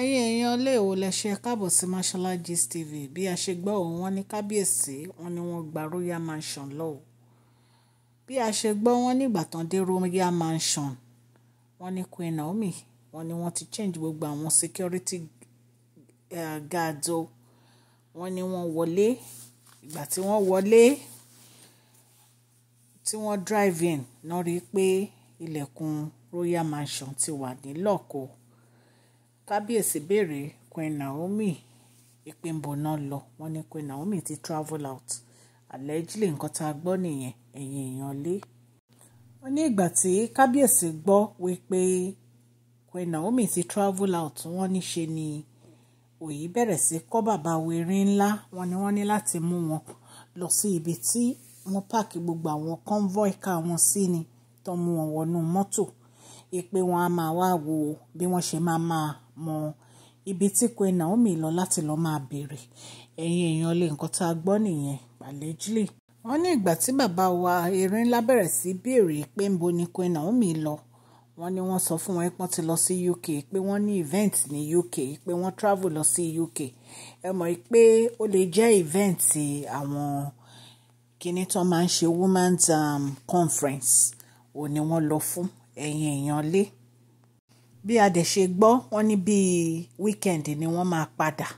ẹ̀yin èèyàn ilé ìwò lẹ́sẹ̀ káàbọ̀ sí Mashola Gist TV bí a ṣe gbọ́ òun wọ́n ní kábíyèsí wọ́n ní wọ́n gba royal mansion lọ́wọ́ bí a ṣe gbọ́ wọ́n nígbà tán dé royal mansion wọ́n ní Queen Naomi wọ́n ní wọ́n ti change gbogbo àwọn security guards o wọ́n ní wọ́n wọlé ìgbà tí wọ́n wọlé tí wọ́n drive in náà rí i pé ilẹ̀kùn royal mansion ti wà ní lọ́kọ̀ọ́ kábíyèsí béèrè queen naomi ìpínbó náà lọ wọ́n ní queen naomi ti travel out allegedly nǹkan tá a gbọ́ nìyẹn ẹ̀yìn èèyàn lé wọ́n ní ìgbà tí kábíyèsí gbọ́ wípé queen naomi ti travel out wọ́n ní ṣe ni òyì bẹ̀rẹ̀ sí kọ́ bàbá werin ńlá wọ́n ní wọ́n ní láti mú wọn lọ sí ibi tí wọ́n páàkì gbogbo àwọn convoy ká wọn sí ni tó mú wọn wọnú mọ́tò ìpè wọn a máa wá wo bí wọ́n ṣe máa máa mọ ibi tí Queen Naomi lọ láti lọ máa bèrè ẹ̀yin èèyàn lè nǹkan tá a gbọ́ nìyẹn pàlejìlì wọ́n ní ìgbà tí bàbá wa erin ńlá bẹ̀rẹ̀ sí béèrè pé ńbo ni Queen Naomi lọ wọ́n ní wọ́n sọ fún wọn pọ́n ti lọ sí UK pé wọ́n ní event ní UK pé wọ́n travel lọ sí UK ẹ mọ̀ pé ó lè jẹ́ event àwọn kinní tó máa ń ṣe women's um, conference òní wọ́n lọ fún ẹ̀yin èèyàn lé bí a dẹ̀ ṣe gbọ́ wọ́n ní bíi weekend ni wọ́n máa padà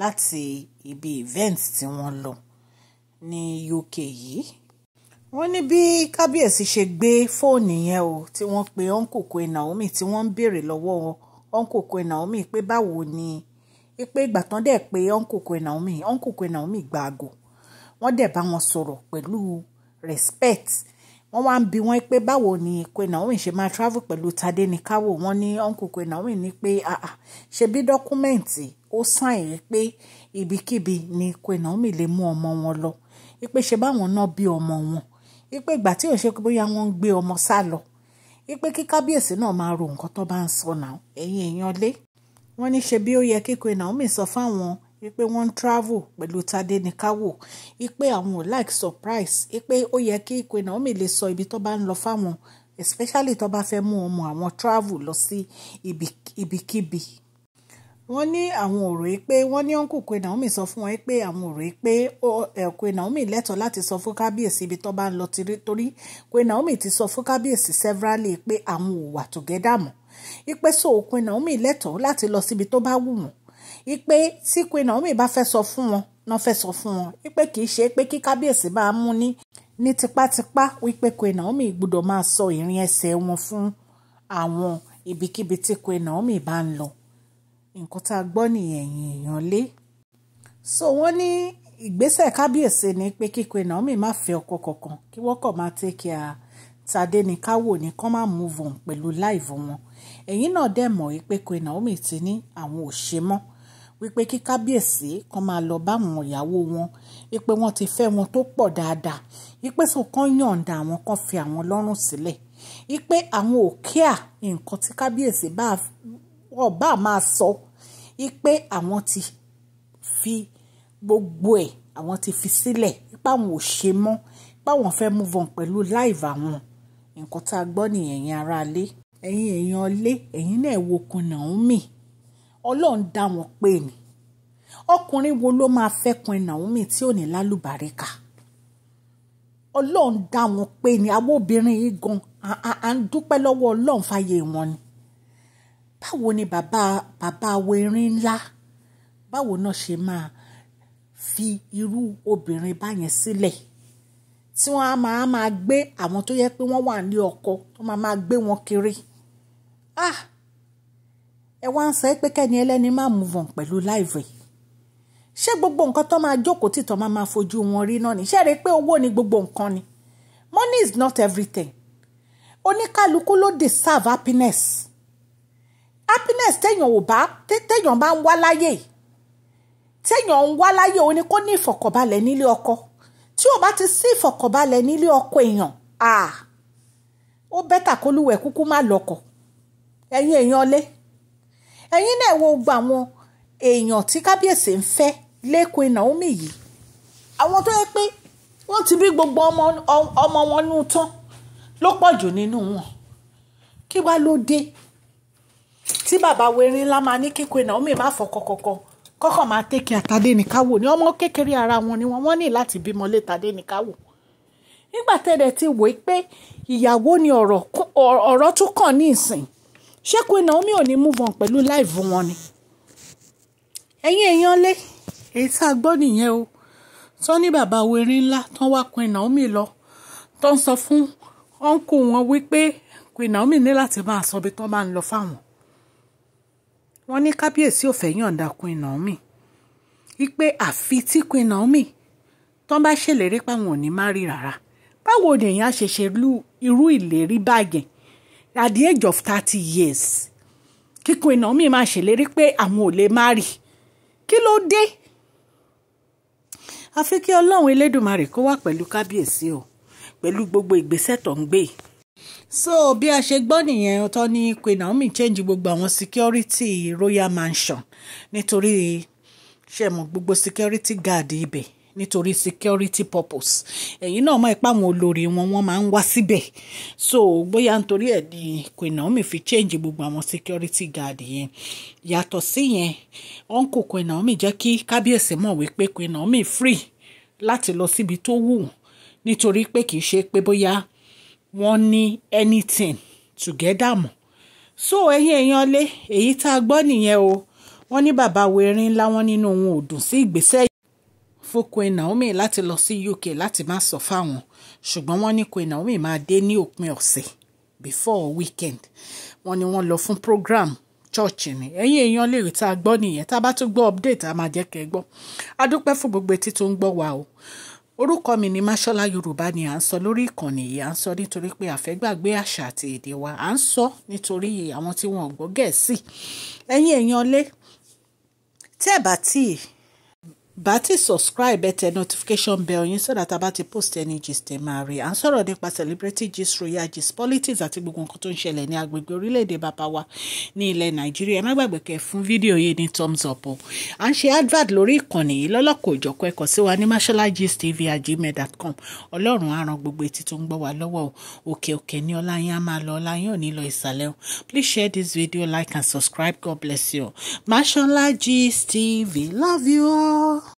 láti ibi event tí wọ́n lọ ní UK yìí wọ́n ní bí kábíyèsí ṣe gbé fóònù yẹn o tí wọ́n pe uncle Queen Naomi tí wọ́n ń béèrè lọ́wọ́ uncle Queen pé báwo ni pé ìgbà tán dẹ̀ pé uncle Queen Naomi uncle Queen Naomi gba àgò wọ́n dẹ̀ bá wọn sọ̀rọ̀ pẹ̀lú respect wọ́n wá ń bi wọ́n pé báwo ni Queen Naomi ṣe máa travel pẹ̀lú Tade ní káwò wọ́n ní uncle Queen Naomi ní pé àà ṣe bí dọ́kúmẹ̀ǹtì ó sàn yìí pé ibikíbi ni Queen Naomi lè mú ọmọ wọn lọ ipe ṣe báwọn náà bí ọmọ wọn ipe ìgbà tí ò ṣe bóyá wọ́n ń gbé ọmọ sá lọ ipe kí kábíyèsí náà máa ro nǹkan tó bá ń sọ náà ẹ̀yin èèyàn lé wọ́n ní ṣe bí ó yẹ kí Queen Naomi sọ fáwọn wípé wọ́n ń travel pẹ̀lú Tade Nikawo wípé àwọn ò like surprise wípé ó yẹ kí Queen Naomi lè sọ ibi tó bá ń lọ fáwọn especially tó bá fẹ́ mú ọmọ àwọn travel lọ sí ibikíbi wọ́n ní àwọn òrò yìí pé wọ́n ní uncle Queen Naomi sọ fún wọn pé àwọn òrò yìí pé eh, Queen Naomi lẹ́tọ̀ọ́ láti sọ fún kábíyèsí ibi tó bá ń lọ torí Queen Naomi ti sọ fún kábíyèsí severally pé àwọn ò wà together mọ́ ipe so Queen Naomi lẹ́tọ̀ọ́ láti lọ síbi tó bá wù wọ́n ipe tí Queen Naomi bá fẹ́ sọ fún wọn náà fẹ́ sọ fún wọn ipe kì í ṣe pé kí kábíyèsí máa mú ní ní tipátipá wípé Queen Naomi gbọ́dọ̀ máa sọ ìrìn ẹsẹ̀ wọn fún àwọn ibikíbi tí Queen Naomi bá ń lọ nǹkan tá a gbọ́ nìyẹn èèyàn lé so wọ́n ní ìgbésẹ̀ kábíyèsí ni pé kí Queen Naomi má fẹ́ ọkọ kankan kí wọ́n kàn máa take care tàdé ní káwò ní kán má move on pẹ̀lú láìvù wọn ẹ̀yìn náà dẹ̀ mọ̀ wípé Queen Naomi ti ní àwọn ò ṣe mọ́ wípé kí kábíyèsí kan máa lọ bá àwọn ìyàwó wọn wípé wọ́n ti fẹ́ wọn tó pọ̀ dáadáa wípé sọ kan yọ̀ǹda àwọn kan fi àwọn lọ́rùn sílẹ̀ wípé àwọn ò kíà nǹkan tí kábíyèsí bá ọba máa sọ wípé àwọn ti fi gbogbo ẹ̀ àwọn ti fi sílẹ̀ wípé àwọn ò ṣe mọ́ wípé àwọn fẹ́ move on pẹ̀lú live àwọn nǹkan tá a gbọ́ nìyẹn yẹn aráalé ẹ̀yin èèyàn lé ẹ̀yin náà wo Queen Naomi ọlọ́run dá wọn pé ni ọkùnrin wo ló máa fẹ́ kun Naomi tí ò ní lálùbáríkà ọlọ́run dá wọn pé ni àwọn obìnrin yìí gan à ń dúpẹ́ lọ́wọ́ ọlọ́run fàyè wọn ni báwo ni bàbá bàbá awo erin ńlá báwo náà ṣe máa fi irú obìnrin báyẹn sílẹ̀ tí wọ́n á máa máa gbé àwọn tó yẹ pé wọ́n wà ní ọkọ tó máa máa gbé wọn kiri ah ẹ wá ń sọ pé kẹ́ni ẹlẹ́ni máa move on pẹ̀lú live ẹ̀ ṣé gbogbo nǹkan tó máa jókòó tìtọ́ máa máa fojú wọn rí náà ni ṣé rí i pé owó ni gbogbo nǹkan ni money is not everything oníkálukú ló deserve happiness happiness téèyàn ò bá téèyàn bá ń wá láyé téèyàn ń wá láyé o ní kó ní ìfọ̀kànbalẹ̀ nílé ọkọ tí o bá ti sí ìfọ̀kànbalẹ̀ nílé ọkọ èèyàn ó bẹ́tà kólúwẹ̀ kúkú má lọ́kọ ẹ̀yin èèyàn lé ẹ̀yin náà wo gbogbo àwọn èèyàn tí kábíyèsí ń fẹ́ lẹ́kùn Naomi yìí àwọn tó yẹ pé wọ́n ti bí gbogbo ọmọ wọn nú tán ló pọ̀ jù nínú wọn kí wá ló dé tí bàbá werin ńlá máa ní kíkọ Naomi má fọ kọkọkọ kọ́kọ́ máa tẹ́kẹ̀ àtàdénìkáwò ni ọmọ kékeré ara wọn ni wọ́n wọ́n ní láti bímọ lé tàdénìkáwò nígbà tẹ́lẹ̀ ti wò ó pé ìyàwó ni ọ̀rọ̀ tún kàn ní ìsìn ṣé Queen Naomi ò ní move on pẹ̀lú live wọn ni ẹ̀yin èèyàn lé èyí tá a gbọ́ nìyẹn o tán ní bàbá werin ńlá tán wá Queen Naomi lọ tán sọ fún ọ́nkù wọn wípé Queen Naomi ní láti máa sọ ibi tán máa ń lọ fáwọn wọn ní kábíyèsí ò yọ̀ǹda Queen Naomi wípé àfi tí Queen Naomi tán bá ṣèlérí páwọn ò ní má rí rárá báwo lèèyàn á ṣe ṣe irú ìlérí báyẹn at the age of thirty years kíkún Naomi máa ṣèlérí pé àwọn ò lè má rì kí ló dé àfi kí ọlọ́run elédùnmarè kó wà pẹ̀lú kábíyèsí o pẹ̀lú gbogbo ìgbésẹ̀ tó ń gbé so bí a ṣe gbọ́ nìyẹn ọ̀tọ̀ ni Queen Naomi change gbogbo àwọn security royal mansion nítorí ṣe mọ̀ gbogbo security guard ibẹ̀ nítorí security purpose ẹ̀yin náà mọ̀ ẹ́ páwọn olórí wọn wọ́n máa ń wá síbẹ̀ so bóyá nítorí ẹ̀ ni Queen Naomi fi change gbogbo àwọn security guard yẹn yàtọ̀ sí yẹn uncle Queen Naomi jẹ́ kí kábíyèsí mọ̀ wípé Queen free láti lọ síbi tó wù nítorí pé kì í ṣe pé bóyá wọ́n ní anything together mọ̀ so ẹ̀yin èèyàn lé èyí tá a gbọ́ nìyẹn o wọ́n ní bàbá wẹ̀rin ńlá wọn nínú òun ò dùn sí ìgbésẹ̀ fún Naomi láti lọ sí UK láti má sọ fáwọn ṣùgbọ́n wọ́n ní Queen Naomi máa dé ní òpin ọ̀sẹ̀ before weekend wọ́n ní wọ́n lọ fún program church ni ẹ̀yin èèyàn lè rí tá a gbọ́ nìyẹn tá a bá tún gbọ́ update a máa jẹ́ kẹ́ ẹ gbọ́ a dúpẹ́ fún gbogbo etí tó ń gbọ́ wa o orúkọ mi ni Mashola Yorùbá ni à ń sọ lórí ìkànnì yìí à ń sọ nítorí pé àfẹ́gbàgbé àṣà àti èdè wa à ń sọ nítorí àwọn tí wọn ò gbọ́ gẹ̀ẹ́sì ẹ̀yin èèyàn lé tẹ́ bá tíì bá ti subscribe ẹ tẹ notification bell yín so that a bá ti post ẹni gist ẹ máa rí à ń sọ̀rọ̀ nípa celebrity gist royal gist politics àti gbogbo nǹkan tó ń ṣẹlẹ̀ ní agbègbè orílẹ̀-èdè bàbá wa ní ilẹ̀ nàìjíríà ẹ má gbàgbé kẹ́ fún fídíò yìí ní thumbs up o à ń ṣe advert lórí ìkànnì yìí lọ́lọ́kọ̀ òjọ̀kọ̀ ẹ̀kọ́ sí wa ní masholagistv@gmail.com ọlọ́run á ran gbogbo etí tó ń gbọ́ wa lọ́wọ́ òkè òkè ní ọláyín á máa please share this video like and subscribe god bless you Mashola Gist TV love you all.